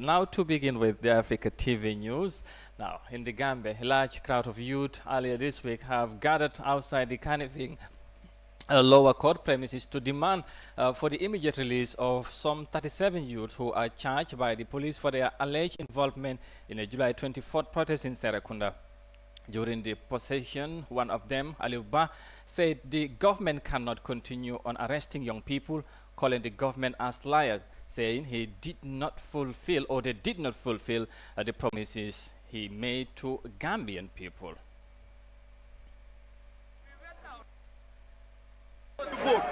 Now to begin with the Africa TV news. Now in the Gambia, a large crowd of youth earlier this week have gathered outside the Canifing uh, lower court premises to demand uh, for the immediate release of some 37 youths who are charged by the police for their alleged involvement in a July 24th protest in Serakunda. During the procession, one of them, Aliuba, said the government cannot continue on arresting young people calling the government as liar, saying he did not fulfill or they did not fulfill uh, the promises he made to Gambian people. We vote,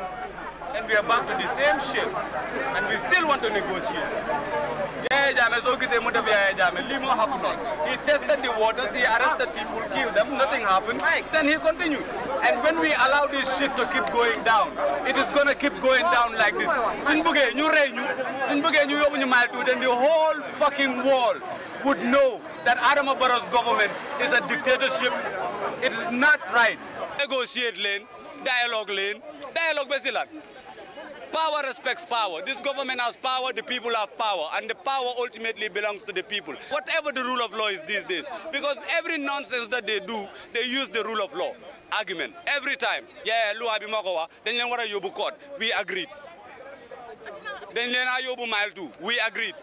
and we are back to the same shape, and we still want to negotiate. Jame, so Jame he tested the waters he arrested people killed them nothing happened then he continued and when we allow this shit to keep going down it is gonna keep going down like this suñ bëggee ñu rey ñu ñu ñu then the whole fucking world would know that Adam Barrow's government is a dictatorship it is not right negotiate lane, dialogue lane, dialogue ba si Power respects power. This government has power, the people have power, and the power ultimately belongs to the people. Whatever the rule of law is these days, because every nonsense that they do, they use the rule of law argument. Every time, yeah, luwa bi makowa, dañ leen wara yobbu court. We agreed. Then leen a yobbu mile too. We agreed.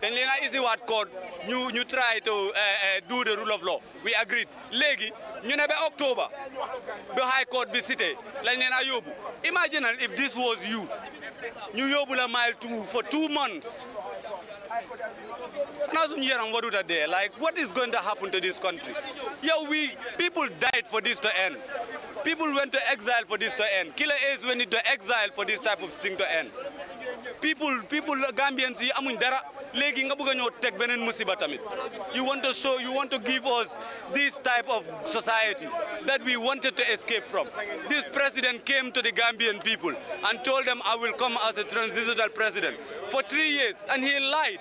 Then dañ is the isiwaat code you you try to uh, uh, do the rule of law we agreed Legi, ñu ne ba octobre the high court bi cité lañ leen yobu. imagine if this was you ñu yobu la mile two for two months xanaa suñu yaram like what is going to happen to this country Yeah, we people died for this to end people went to exile for this to end killer is went into exile for this type of thing to end people people Gambians I'm in dara nga bëgg teg musiba tamit you want to show you want to give us this type of society that we wanted to escape from this president came to the Gambian people and told them I will come as a transitional president for three years and he lied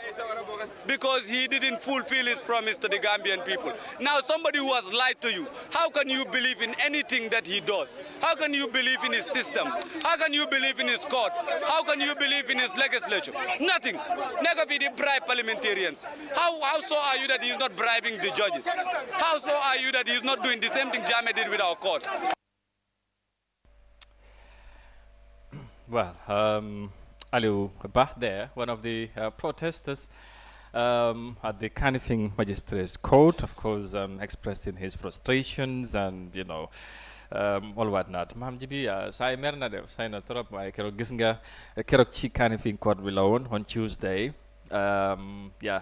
because he didn't fulfill his promise to the Gambian people. Now somebody who has lied to you, how can you believe in anything that he does? How can you believe in his systems? How can you believe in his courts? How can you believe in his legislature? Nothing. Negative he bribe parliamentarians. How, how so are you that he's not bribing the judges? How so are you that he's not doing the same thing Jame did with our courts? Well, um Aliou Bah there, one of the uh, protesters um, at the Canifing Magistrates Court, of course, um, in his frustrations and, you know, um, all whatnot maam ji bi uh, saay mer na def saay na trop waaye keroog gis nga keroog ci Kanifing Court bi on Tuesday um, yeah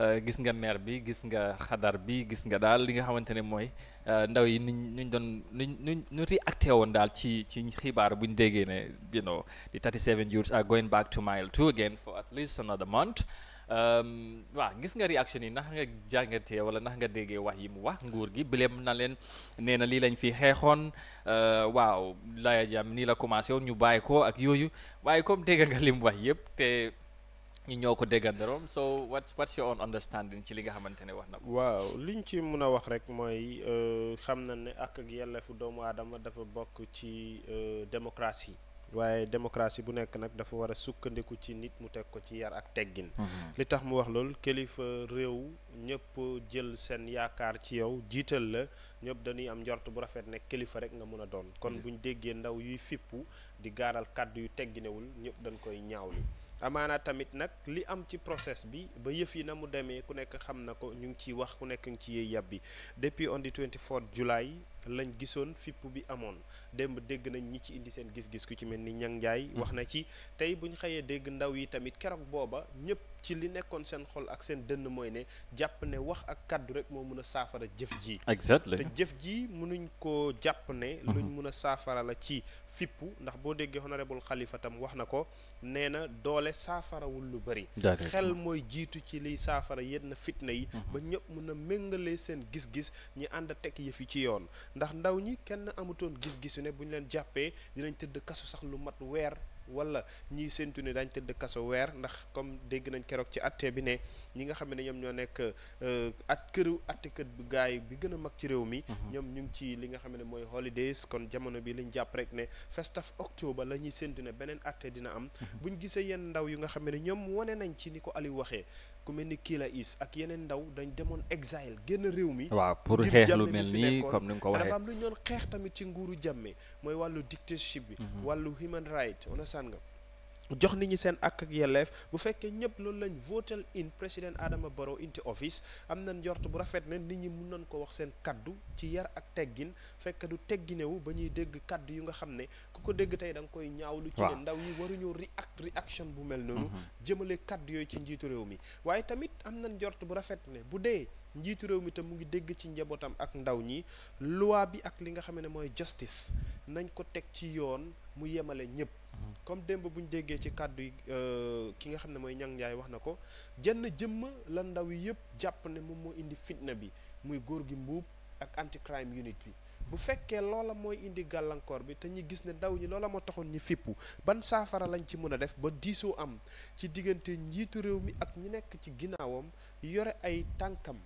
Eh, gis nga maire bi gis nga xadar bi gis nga daal li nga xamante ne mooy eh, ndaw yi nuñ nuñ doon nuñ nuñ nu réacté woon daal ci ci xibaar buñ déggee ne you know the 37 youths are going back to mile two again for at least another month gis nga réaction yi nax nga jàngate wala nax nga déggee wax yi mu wax nguur gi bileem na leen nee na lii lañ fi xeexoon eh, waaw laaya jàmm nii la commencé woon ñu bàyyi ko ak yooyu waaye comme dégg nga li mu wax yëpp ñu ñoo ko déggandaroom so what's what's your own understanding ci li nga xamante ne wax na ko. waaw liñ ci mun a wax rek mooy euh, xam na ne ak ak yelleefu doomu aadama dafa bokk ci euh, démocratie. waaye démocratie bu nekk nag dafa war a sukkandiku ci nit mu teg ko ci yar ak teggin mm-hmm. li tax mu wax loolu kilifa réew ñëpp jël seen yaakaar ci yow jiital la ñëpp dañuy am njort bu rafet ne kilifa rek nga mën a doon kon mm-hmm. buñ déggee ndaw yuy fippu di gaaral kàddu yu tegginewul ñëpp dañ koy ñaawlu amaana tamit nag li am ci process bi ba yëf yi na mu demee ku nekk xam na ko ñu ngi ciy wax ku nekk ngi ci yëy yàb bi depuis on the 24 July lañ gisoon fippu bi amoon démb dégg nañ ñi ci indi seen gis-gis ku ci mel ni Niang Ndiaye mm-hmm. wax na ci tey bu ñu xëyee dégg ndaw yi tamit keroog booba ñëpp ci li nekkoon seen xol ak seen dënn mooy ne jàpp ne wax ak kàddu rek moo mun a saafara jëf ji exactly te jëf ji mënuñ koo jàpp ne mm-hmm. mun a saafara la ci fippu ndax boo déggee honorable Khalifa tam wax na ko nee na doole saafarawul lu bëri xel mooy jiitu ci liy saafara yenn fitna yi mm-hmm. ba ñëpp mun a méngalee seen gis-gis ñi ànd a teg yëf yi ci yoon ndax ndaw ñi kenn amutoon gis-gisu ne bu ñu leen jàppee dinañ tëdd kasu sax lu mat weer wala ñiy séntu ne dañ tëdd kaso weer ndax comme dégg nañ keroog ci atte bi ne ñi nga xam ne ñoom ñoo nekk euh, at këru attekat bu gaay bi gën a mag ci réew mi mhm. ñoom ñu ngi ci li nga xam ne mooy holidays kon jamono bi lañ jàpp rek ne festa of octobre la ñuy séntu ne beneen atte dina am mhm. buñ gisee yenn ndaw yu nga xam ne ñoom wane nañ ci ni ko Aliou waxee ku mel ni kii la Is ak yeneen ndaw dañ demoon exil génn réew mi. waaw pour xeex lu mel nii comme ni nga ko waxee dafa am lu ñu doon xeex tamit ci nguuru jàmme mooy wàllu dictatorship bi. Mhm. wàllu human right on nga. jox nit ñi seen ak ak yelleef bu fekkee ñëpp loolu lañ votel in président Adama Barrow into office am na njort bu rafet ne nit ñi mun nañ ko wax seen kàddu ci yar ak teggin fekk du tegginewu ba ñuy dégg kàddu yu nga xam ne ku ko dégg tey da nga koy ñaawlu ci ne ndaw yi waruñoo react reaction bu mel noonu mm-hmm. jëmale kaddu yooyu ci njiitu réew mi waaye tamit am na njort bu rafet ne bu dee njiitu réew mi tam mu ngi dégg ci njabootam ak ndaw ñi loi bi ak li nga xam ne mooy justice nañ ko teg ci yoon mu yemale ñëpp comme démb bu ñu déggee ci kàddu yi euh, ki nga xam ne mooy Niang wax na ko jenn jëmm la ndaw yi yëpp jàpp ne moom moo indi fitna bi muy góor gi mbuub ak anti crime unit bi bu fekkee loola mooy indi gàllankoor bi te ñi gis ne ndaw ñi loola moo taxoon ñu fippu ban saafara lañ ci mën a def ba diisoo am ci diggante njiitu réew mi ak ñi nekk ci ginnaawam yore ay tànkam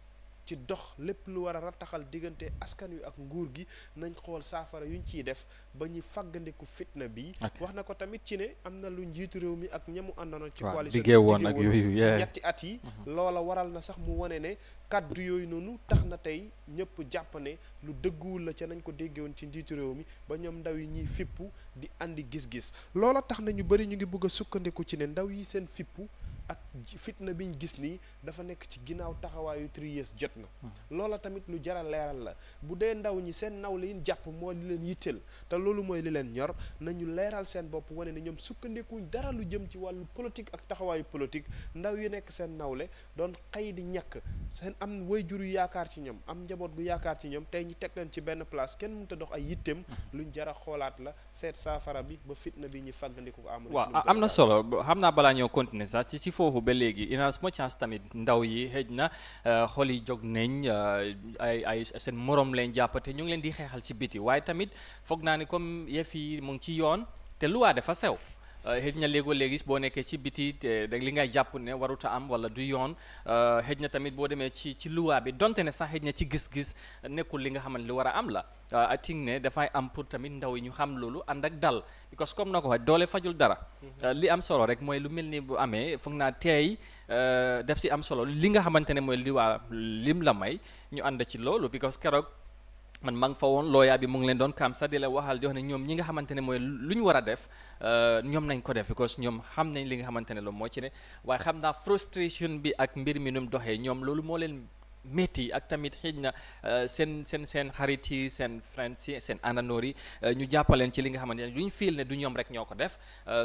ci dox lépp lu war a rattaxal diggante askan wi ak nguur gi nañ xool saafara yuñ ciy def ba ñu fàggandiku fitna bi wax na ko tamit ci ne am na lu njiitu réew mi ak ñamu àndoona ci coalition woon ak yooyu ñetti at yi mhm. loola waral na sax mu wane ne kàddu yooyu noonu tax na tey ñëpp jàpp ne lu dëgguwul la ca nañ ko déggewoon ci njiitu réew mi ba ñoom ndaw yi ñuy fippu di andi gis-gis loola tax na ñu bëri ñu ngi bëgg a sukkandiku ci ne ndaw yi seen fippu ak fitna bi ñu gis nii dafa nekk ci ginnaaw taxawaayu tries jot na hmm. loola tamit lu jara leeral la bu dee ndaw ñi seen naw la yin jàpp moo li leen yitteel te loolu mooy li leen ñor nañu leeral seen bopp wane ne ñoom sukkandikuñ dara lu jëm ci wàllu politique ak taxawaayu politique ndaw yi nekk seen nawle doon xëy di ñàkk seen am wayjur yu yaakaar ci ñoom am njaboot gu yaakaar ci ñoom tey ñu teg leen ci benn place kenn mënut a dox ay yitteem hmm. luñ jara xoolaat la seet saafara bi ba fitna bi ñu fàggandiku ko am na solo xam naa balaa ñoo continuer foofu ba léegi in as much as tamit ndaw yi xëj na euh, xol yi jóg nañ euh, ay ay seen morom leen jàppate ñu ngi leen di xeexal si biti waaye tamit foog naa ni comme yëf yi mu ngi ci yoon te lu waa dafa sew Euh, xëj na léegoo léegi boo nekkee ci biti da li ngay jàpp ne waruta am wala du yoon euh, xëj na tamit boo demee ci ci luwaa bi donte ne sax xëj na ci gis-gis nekkul li nga xamante li war a am la euh, I think ne dafay am pour tamit ndaw yi ñu xam loolu ànd ak dal because comme na ko waxee doole fajul dara mm-hmm. li am solo rek mooy lu mel ni bu amee foog naa teey def ci am solo li nga xamante ne mooy liwaa lim la may ñu ànd ci loolu because keroog man man ngi fa woon looyaa bi mu ngi leen doon kaam sa di la waxal di wax ne ñoom ñi nga xamante ne mooy lu ñu war a def euh, ñoom nañ ko def because ñoom xam nañ li nga xamante ne loolu moo ci ne waaye xam naa frustration bi ak mbir mi nu doxee ñoom loolu moo leen métti ak tamit xëy na euh, seen seen seen xarit yi seen friends seen àndandoor yi euh, ñu jàppaleen ci li nga xamante ne duñ fiil ne du ñoom rek ñoo ko def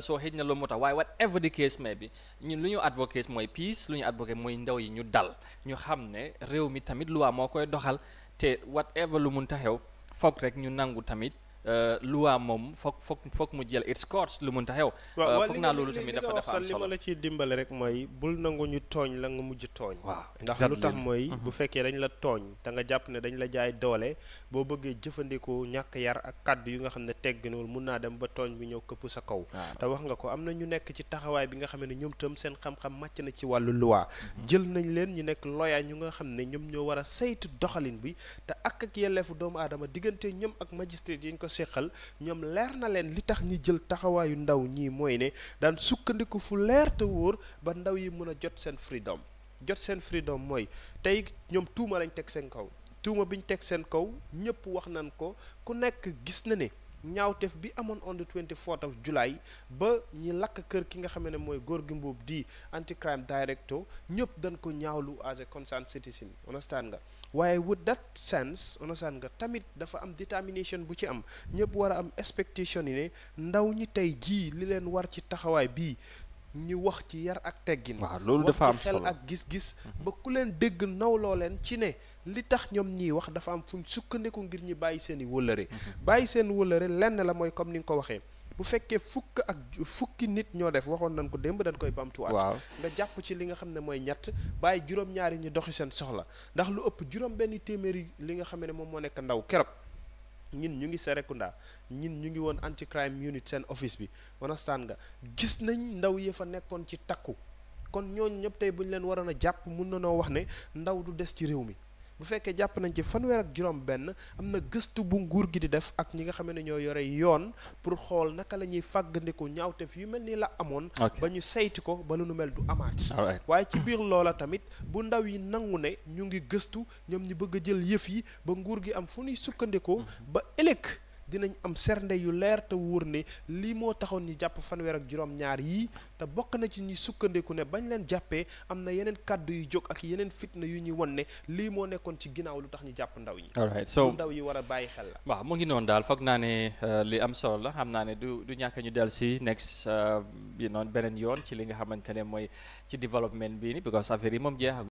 soo xëy na loolu moo tax waaye whatever the case may bi ñu lu ñu advocate mooy peace lu ñu advocate mooy ndaw yi ñu dal ñu xam ne réew mi tamit luwaa moo koy doxal te whatever lu mun ta xew foog rek ñu nangu tamit Euh, loi moom foog foog foog mu jël its course lu mënta xew. Euh, foog naa loolu tamit dafa dafa am solo li ma la ciy dimbale rek mooy bul nangu ñu tooñ la nga mujj tooñ. waaw ndax lu tax mooy. bu mhm. fekkee dañ la tooñ te nga jàpp ne dañ la jaay doole boo bëggee jëfandikoo ñàkk yar ak kàddu yu nga xam ne tegginul mun naa dem ba tooñ bi ñëw këpp sa kaw. te wax nga ko am na ñu nekk ci taxawaay bi nga xam ne ñoom tam seen xam-xam màcc na ci wàllu loi. Mhm. jël nañ leen ñu nekk loya ñu nga xam ne ñoom ñoo war a saytu doxalin bi te ak ak yelleefu doomu aadama diggante ñoom ak magistrat yi ñu seqal ñoom leer na leen li tax ñi jël taxawaayu ndaw ñii mooy ne daan sukkandiku fu leer te wóor ba ndaw yi mën a jot seen freedom jot seen freedom mooy tey ñoom tuuma lañ teg seen kaw tuuma bi ñu teg seen kaw ñëpp wax nañ ko ku nekk gis na ne ñaawteef bi amoon on the 24th of July ba ñi lakk kër ki nga xam ne mooy góor gi mbuub di anti crime director ñëpp dan ko ñaawlu as a concerned citizen understand nga waaye with that sense understand nga tamit dafa am determination bu ci am ñëpp war a am expectation yi ne ndaw ñi tey jii li leen war ci taxawaay bii ñu wax ci yar ak teggin waaw loolu dafa am solo xel ak gis-gis mhm. ba ku leen dégg nawloo leen ci ne li tax ñoom ñiy wax dafa am fuñ sukkandiku ngir ñi bàyyi seen i wëllëre mhm. bàyyi seen wëllëre lenn la mooy comme ni nga ko waxee bu fekkee fukk ak fukki nit ñoo def waxoon nañ ko démb dañ koy bamtuwaat nga jàpp ci li nga xam ne mooy ñett bàyyi juróom-ñaari ñu doxi seen soxla ndax lu ëpp juróom benn téeméeri li nga xam ne moom moo nekk ndaw keroog ñun ñu ngi Serekunda ñun ñu ngi woon anti crime unit seen office bi understand nga gis nañ ndaw yee fa nekkoon ci takku kon ñooñu ñëpp tey bu ñu leen waroon a jàpp mun na noo wax ne ndaw du des ci réew mi bu fekkee jàpp nañ ci fanweer ak juróom-benn am na gëstu bu nguur gi di def ak ñi nga xam ne ñoo yore yoon pour xool naka la ñuy fàggandiku ñaawteef yu mel ni la amoon. ba ñu saytu ko ba lu nu mel du amaat. waaye ci biir loola tamit bu ndaw yi nangu ne ñu ngi gëstu ñoom ñi bëgg a jël yëf yi ba nguur gi am fu ñuy sukkandikoo mm-hmm. ba ëllëg. dinañ am sernde yu leer te wóor ne lii moo taxoon ñu jàpp fanweer ak juróom-ñaar yii te bokk na ci ñi sukkandiku ne bañ leen jàppee am na yeneen kàddu yu jóg ak yeneen fitna yu ñuy won ne lii moo nekkoon ci ginnaaw lu tax ñu jàpp ndaw ñi. all right so ndaw yi war a bàyyi xel la. waaw mu ngi noon daal foog naa ne euh, li am solo la xam naa ne du du ñàkk ñu del si next euh, you noon beneen yoon ci li nga xamante ne mooy ci développement bi ni because affaire yi moom jeex